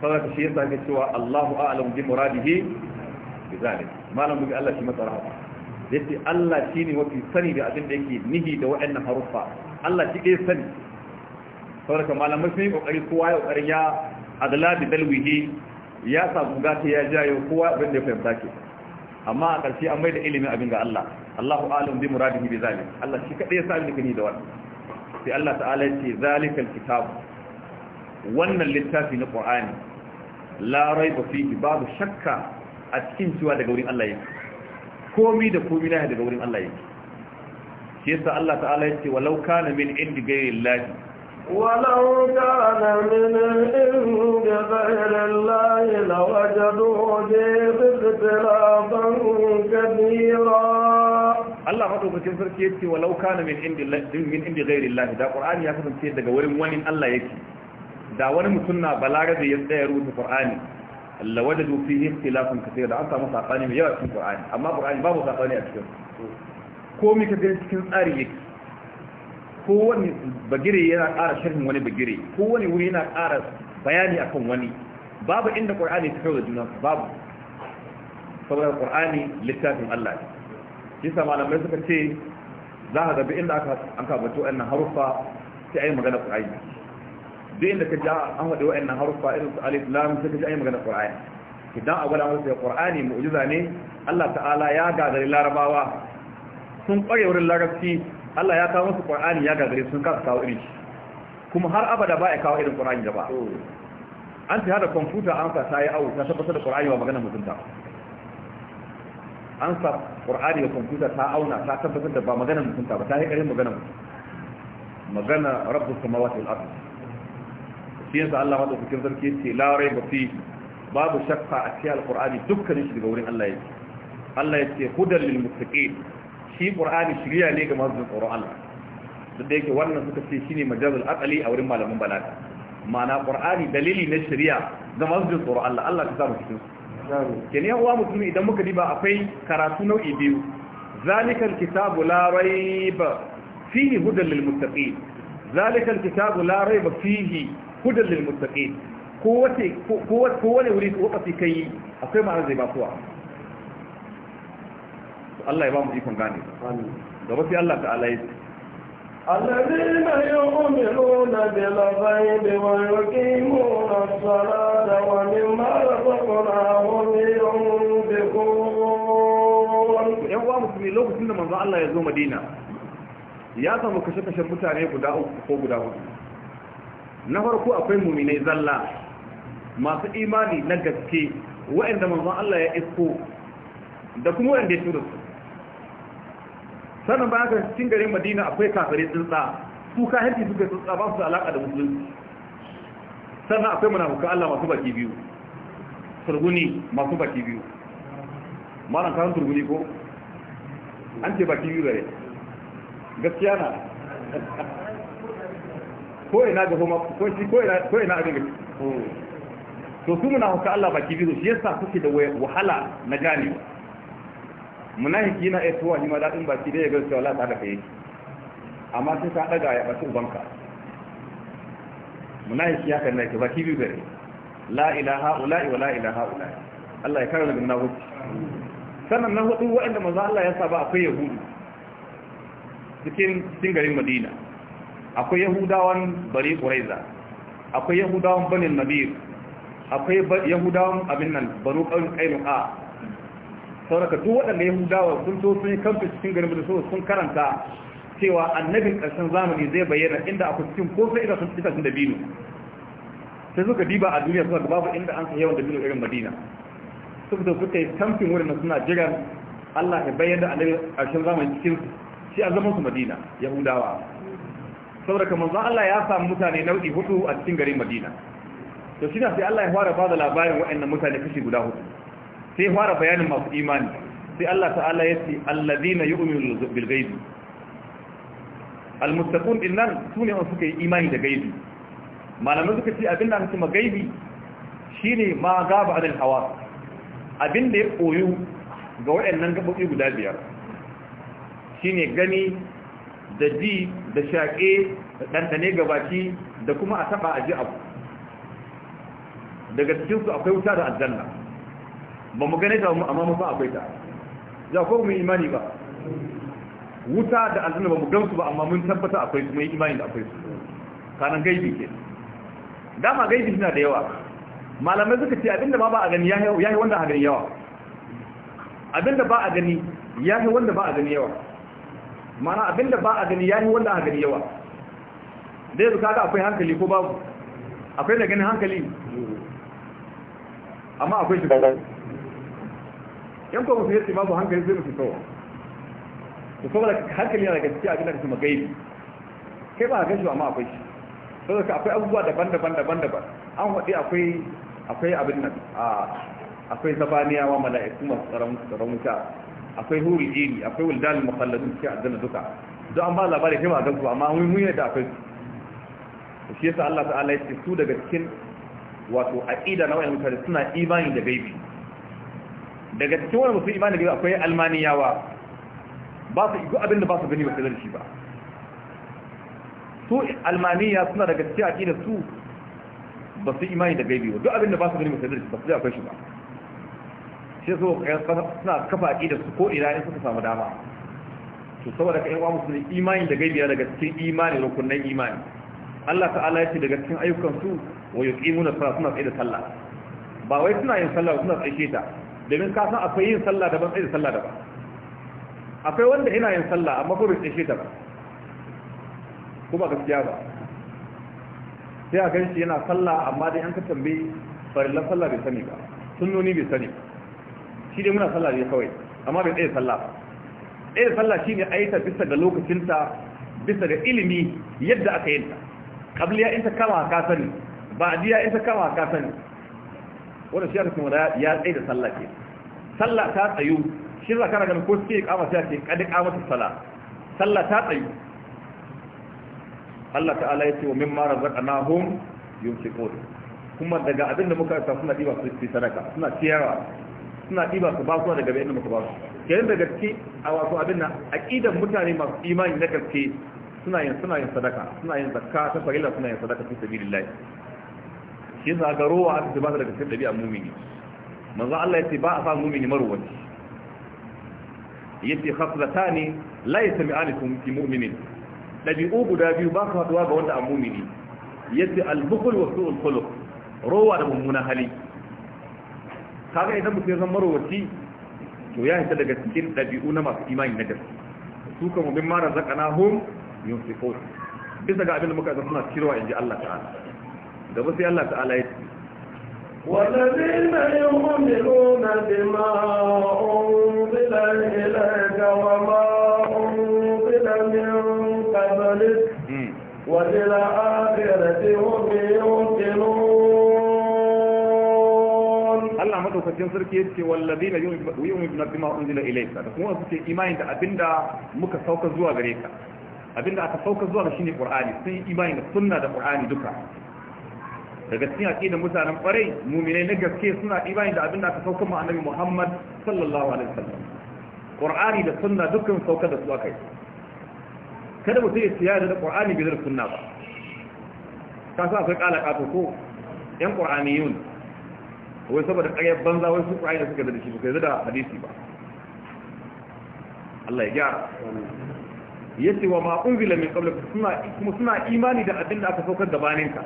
saboda shi yasa ga cewa Allahu a'lamu bi muradihi bi zalik bi Allah shi masa yace Allah shine wafi sani da abin da yake nihi da wa'annan haruffa Allah shi ke sani saboda malamai sun kokari kowa ya kokari ya adala bi dalwihi ya samu gata ya jayo kowa abin da ya fahimta ke amma a ƙarshe an mai da ilimin abin ga Allah Allahu alim bi muradihi bi zalim Allah shi kadai ya sa ni kani da wannan sai Allah ta'ala ya ce zalikal kitab wannan littafi na Qur'ani la raiba fihi babu shakka a cikin cewa daga wurin Allah yake Komai da komai na daga wurin Allah yake shi yasa Allah ta'ala ya ce walau kana min indi ghairi llahi ولو كان من عند غير الله لوجدوا فيه اختلافا كثيرا Allah madaukakin sarki yace walau kana min indi min indi ghairi Allah da Qur'ani ya kasance daga wurin wani Allah yake da wani mutum na balarabe ya tsaya rubuta Qur'ani Allah wajadu fihi ikhtilafan kaseer da an samu sakani mai yawa cikin Qur'ani amma Qur'ani babu sakani a cikin ko mika ka ga cikin tsari yake kowane bagire yana ƙara sharhin wani bagire kowane wuri yana ƙara bayani akan wani babu inda qur'ani ta kawo da juna babu saboda qur'ani littafin Allah ne sa malamai suka ce za ka gabi inda aka an ka bato wannan harufa sai a yi magana qur'ani duk inda ka ji an faɗi wa'annan harufa irin su alif lam sai ka ji yi magana qur'ani idan a gwada masa qur'ani mu'ujiza ne Allah ta'ala ya gagari larabawa sun ƙware wurin larabci Allah ya kawo musu Qur'ani ya gagare sun kasa kawo irin shi kuma har abada ba ya kawo irin Qur'ani da ba an ta hada kwamfuta an sa ta yi awu ta tabbatar da Qur'ani ba magana mutunta an sa Qur'ani da kwamfuta ta auna ta tabbatar da ba magana mutunta ba ta yi ƙarin magana magana rabbus samawati wal ardh shi yasa Allah wanda cikin sarki ce la ba fi babu shakka a cikin alqur'ani dukkanin shi daga wurin Allah yake Allah yake hudal lil muttaqin shi qur'ani shiriya ne ga masu tsoron Allah duk da yake wannan suka ce shine majazul aqli a wurin malaman balaga ma'ana qur'ani dalili na shiriya ga masu tsoron Allah Allah ka samu cikin su ke kenan uwa musulmi idan muka diba akwai karatu nau'i biyu zalikal kitabu la raiba fihi hudan lil muttaqin zalikal kitabu la raiba fihi hudan lil muttaqin kowace kowace wuri ko kafi kai akwai ma'ana zai ba kowa Allah ya ba mu ikon gane gaba sai Allah ta'ala ya الذين يؤمنون بالغيب ويقيمون الصلاة ومما رزقناهم ينفقون yan uwa musulmi lokacin da manzo Allah ya zo Madina ya samu kashe-kashe mutane guda uku ko guda hudu na farko akwai muminai zalla masu imani na gaske waɗanda manzon Allah ya isko da kuma waɗanda ya tura su sannan ba haka cikin garin madina akwai kafare tsuntsa su kahirci suka tsuntsa ba su alaƙa da musulunci sannan akwai munafukan Allah masu baki biyu turguni masu baki biyu malam kan turguni ko an ce baki biyu gare gaskiya na ko ina ga homa ko shi ko ina ko ina abin hmm. to su munafukan Allah baki biyu shi yasa kuke da wahala na ganewa munafiki na iya tuwa ni ma daɗin baki dai ya ga cewa lata da kai amma sai ka daga ya bace ubanka munafiki ya kanna ke baki biyu gare la ilaha ula'i wa la ilaha ula'i Allah ya kare daga munafiki sannan na hudu waɗanda maza Allah ya saba akwai yahudu cikin cikin garin Madina akwai yahudawan bari ƙuraiza akwai yahudawan banin nadir akwai yahudawan abin nan banu A. sauraka duk waɗanda yahudawa sun to sun yi kamfis cikin garin mutu sun karanta cewa annabin ƙarshen zamani zai bayyana inda a cikin ko sai idan sun fita sun dabino sai suka diba a duniya suna babu inda an sai yawan dabino irin madina suka zo suka yi kamfin wurin suna jiran allah ya bayyana annabin ƙarshen zamani cikin shi a zaman su madina yahudawa saboda kamar za allah ya samu mutane nau'i hudu a cikin garin madina to shi na sai allah ya fara ba da labarin waɗannan mutane kashi guda hudu sai fara bayanin masu imani sai Allah ta'ala ya ce allazina yu'minu bil ghaibi almuttaqun dinnan sune wanda suka yi imani da gaibi malamai suka ce abin da aka gaibi shine ma gaba anil hawa abinda ya koyu ga waɗannan gabobi guda biyar shine gani da ji da shaƙe da ɗanɗane ga baki da kuma a taɓa aji abu daga cikinsu akwai wuta da aljanna ba mu gane ta amma mu ba akwai ta za ko mu imani ba wuta da aljanna ba mu gamsu ba amma mun tabbata akwai su mai imani da akwai su kanan gaibi ke dama gaibi suna da yawa malamai suka ce abinda ba ba a gani ya yi wanda a gani yawa abinda ba a gani ya yi wanda ba a gani yawa mana abinda ba a gani ya yi wanda a gani yawa dai su kaga akwai hankali ko babu akwai da ganin hankali amma akwai shi in ko mutum yace babu hankali sai mutum kowa to saboda hankali yana daga cikin abin da su gaibi kai ba gashi amma akwai shi saboda akwai abubuwa daban-daban daban-daban an wadi akwai akwai abin nan akwai zabaniyawa mala'iku masu tsaron wuta akwai huri jini akwai wuldal mukhalladun cikin aljanna duka don an ba labarin kai ba gansu ba amma mun yi da akwai su shi yasa Allah ta'ala ya ce su daga cikin wato aqida na wayan mutane suna imani da gaibi daga cikin wani musu imani gaba akwai almaniyawa ba su igu abin da ba su gani ba su zarci ba su almaniya suna daga cikin akida su ba su imani da gaibi ba duk abinda da ba su gani ba su zarci ba su akwai ba shi su suna kafa akida su ko ina in suka samu dama to saboda ka yan uwa musulmi imani da gaibi daga cikin imani rukunin imani Allah ta'ala ya ce daga cikin ayyukan su wa yuqimuna salata suna tsaye da sallah ba wai suna yin sallah suna tsaye ta domin ka san akwai yin sallah daban tsaye sallah daban akwai wanda ina yin sallah amma ko bai tsaye daban kuma gaskiya ba sai a ganshi yana sallah amma dai an ka tambayi farillan sallah bai sani ba sunnoni bai sani shi dai muna sallah ne kawai amma bai tsaye sallah ba tsaye sallah shine aita bisa ga lokacinta bisa ga ilimi yadda aka yi ta kabliya in ta kama ka sani ba'diya in ta kama ka sani wannan shi aka kuma da ya tsaye da sallah ke sallah ta tsayu shi za ka ganin ko suke kama sai ke, kadi kama ta sallah sallah ta tsayu Allah ta'ala ya ce wa min na mimma razaqnahum yunfiqun kuma daga abin da muka sa suna diba su ci sadaka suna ciyarwa suna diba su ba su daga bayan da muka ba su kenan daga gaske a wato abin nan aqidan mutane masu imani na gaske suna yin suna yin sadaka suna yin zakka ta farilla suna yin sadaka fi sabilillah shi yasa ga rowa aka ce ba ta daga cikin ɗabi'a mumini manzo Allah yace ba a sa mumini marwaci yace khaslatani la yasmi'anikum fi mu'minin ɗabi'u guda biyu ba su haduwa ga wanda a mumini yace al-bukhl wa su'ul khuluq rowa da mummunan hali kaga idan mutum ya zama marwaci to ya hita daga cikin ɗabi'u na masu imani na gaske su kuma bin mara zakana hum yunfiqun bisa ga abin da muka zama suna cirewa inji Allah ta'ala gaba sai Allah ta'ala ya ce والذين يؤمنون بما أنزل إليك وما أنزل من قبلك وبالآخرة هم يوقنون الله مدعو فتين سركي يتكي والذين يؤمنون بما أنزل إليك تقوم بك إيمان أبين دا مكا سوك زوا غريكا abinda aka sauka zuwa ga shine Qur'ani sun imani da sunna da Qur'ani duka daga cikin aqidar mutanen kwarai mu'minai na gaske suna imani da abin da aka sauka ma annabi Muhammad sallallahu alaihi wasallam Qur'ani da sunna dukkan sauka da su akai kada mutum ya tsaya da Qur'ani bi da sunna ba ka sa akwai kala kato ko yan Qur'aniyun wai saboda ƙaryar banza wai su Qur'ani da suka da shi ba kai da hadisi ba Allah ya gyara yace wa ma unzila min qablika suna kuma suna imani da abin da aka saukar gabaninka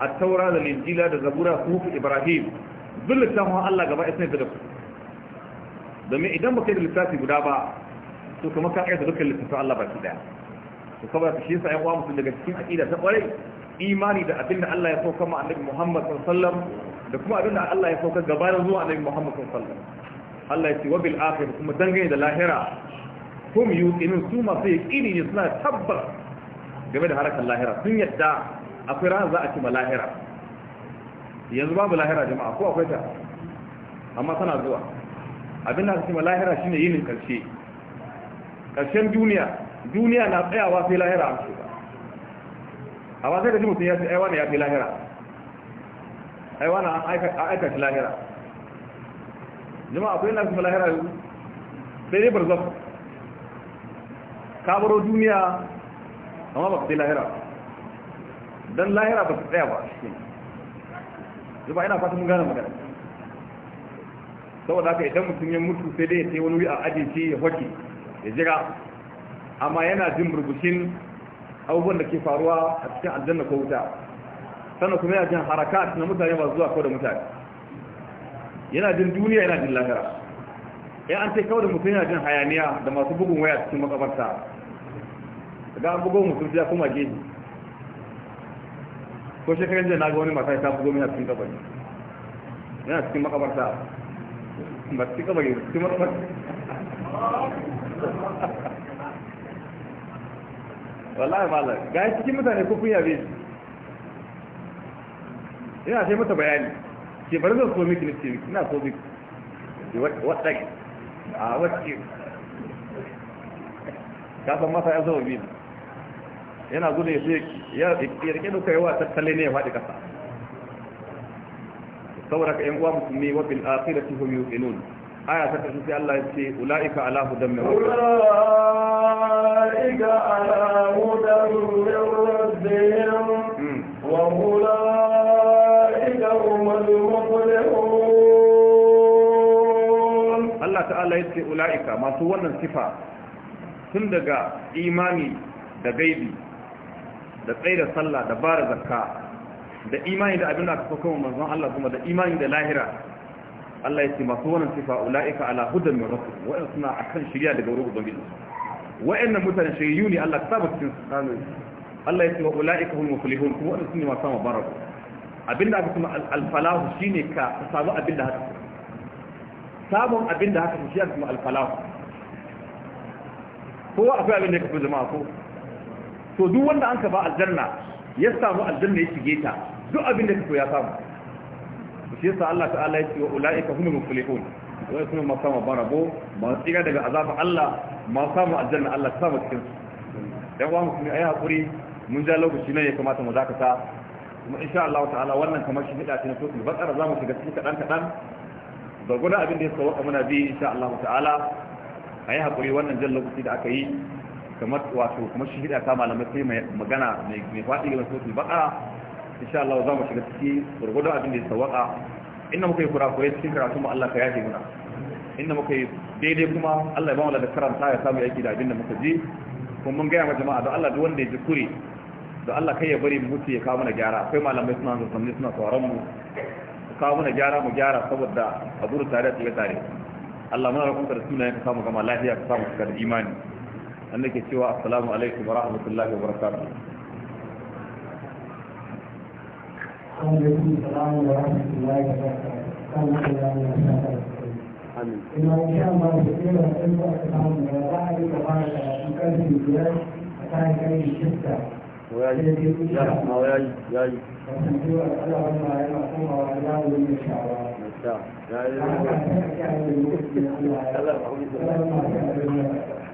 a taura da linjila da zabura kufu ibrahim duk littafin Allah gaba isne da ku domin idan baka yi da littafi guda ba to kuma ka aika dukkan littafin Allah baki daya to saboda shi sa 'yan uwa mutum daga cikin aqida ta kwarai imani da abin da Allah ya sauka ma annabi Muhammad sallallahu alaihi wasallam da kuma abin da Allah ya sauka gabanin zuwa annabi Muhammad sallallahu alaihi wasallam Allah ya ce wa bil akhir kuma dangane da lahira hum yuqinun su masu yaqini ne suna tabbar game da harakan lahira sun yadda akwai ranar za a ci malahira yanzu babu lahira jama'a ko akwai ta amma tana zuwa abin da aka ci malahira shine yinin karshe karshen duniya duniya na tsayawa sai lahira an shiga amma sai da ji mutum ya ce aiwana ya fi lahira aiwana an aika shi lahira jama'a akwai na fi lahira yanzu sai dai barzakh kabaro duniya amma ba fi lahira lahira don lahira ba su tsaya ba shi ne zuba ina fata mun gane magana saboda haka idan mutum ya mutu sai dai ya sai wani a ajiye shi ya hoki ya jira amma yana jin burbushin abubuwan da ke faruwa a cikin aljanna ko wuta sannan kuma yana jin harakat na mutane masu zuwa ko da mutane yana jin duniya yana jin lahira ya an sai kawai da mutum yana jin hayaniya da masu bugun waya cikin makabarta ga an bugon mutum ya kuma geji ko shi jiya na ga wani mata ta bugo mina cikin kabari yana cikin makabarta ba cikin kabari cikin makabarta wallahi la ga cikin mutane ko kun yabe ina sai mata bayani ke bari zan so miki nake miki ina so miki wadda a ah, you ka san masa ya bi biyu yana zo ya sai ya rike duka yawa tattale ne ya faɗi ƙasa saboda ka yan uwa musulmi wa bil akhirati hum yuqinun aya ta kashi Allah ya ce ulaika ala hudan min ulaika ala hudan min rabbihim hmm. wa ulaika humul muflihun Allah ta'ala ya ce ulaika masu wannan sifa tun daga imani da gaibi da tsaye da sallah da bara zakka da imani da abin da aka kawo manzon Allah kuma da imani da lahira Allah ya ce masu wannan sifa ulaika ala hudan min rabbih wa'in suna akan shirya daga wurin ubangiji wa'annan mutane shiriyu ne Allah ta cikin su Allah ya ce wa ulaika hum muflihun kuma wannan sunne masu mabaraka abinda aka kuma al-falahu shine ka sabu abinda haka sabon abinda haka shi ya kuma al-falahu kowa akwai abin abinda ya kafa jama'a ko to duk wanda an ka ba aljanna ya samu aljanna ya shige ta duk abin da kaso ya samu shi yasa Allah ta'ala ya ce wa ulaika humul muflihun wa yasmu ma sama barabo ma tsira daga azaba Allah ma samu aljanna Allah ta sama cikin dan wa musulmi ayi hakuri mun ja lokaci ne ya kamata mu zakata kuma insha Allah ta'ala wannan kamar shi hida ce na sosai bakara za mu shiga cikin kadan kadan da guda abin da ya sauka muna bi insha Allah ta'ala ayi hakuri wannan jan lokaci da aka yi kamar wato kuma shi hida ta malamai sai magana mai faɗi ga masu bakara insha Allah za mu shiga ciki gurgudu abin da ya sawaka inda muka yi kurakurai cikin karatu mu Allah ka yafe muna inda muka yi daidai kuma Allah ya ba mu da karanta ya samu yaki da abin da muka ji kuma mun gaya ma jama'a da Allah duk wanda ya ji kuri da Allah kai ya bari mu mutu ya kawo mana gyara akwai malamai suna zo sanne suna sauraron mu kawo mana gyara mu gyara saboda a duru tare da tsaye tare Allah muna rukunta da sunayen ka samu gama lafiya ka samu cika da imani أنك سوى السلام عليكم ورحمة الله وبركاته السلام ورحمة الله وبركاته السلام عليكم ورحمة الله وبركاته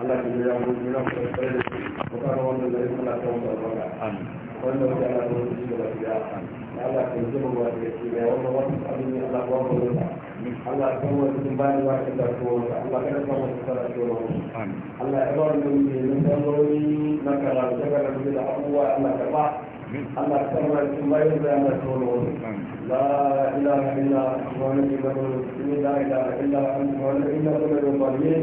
Allah ya yi yawon yana kwaikwayo da shi mutane wanda zai Allah ta wata albarka wanda wata Allah ta wata shi da lafiya Allah ta yi ba da shi ya wanda wata abin ne Allah ta wata wata Allah ta wata sun bayan ba ka da ta wata Allah ka da ta wata ta da wata Allah ya ba da mutum ne na tambayoyi na karatu da karatu da abubuwa Allah ta ba Allah ta wata sun bayan da Allah ta wata wata لا إله إلا أنت سبحانك إنه لا إله إلا أنت سبحانك إنه من الظالمين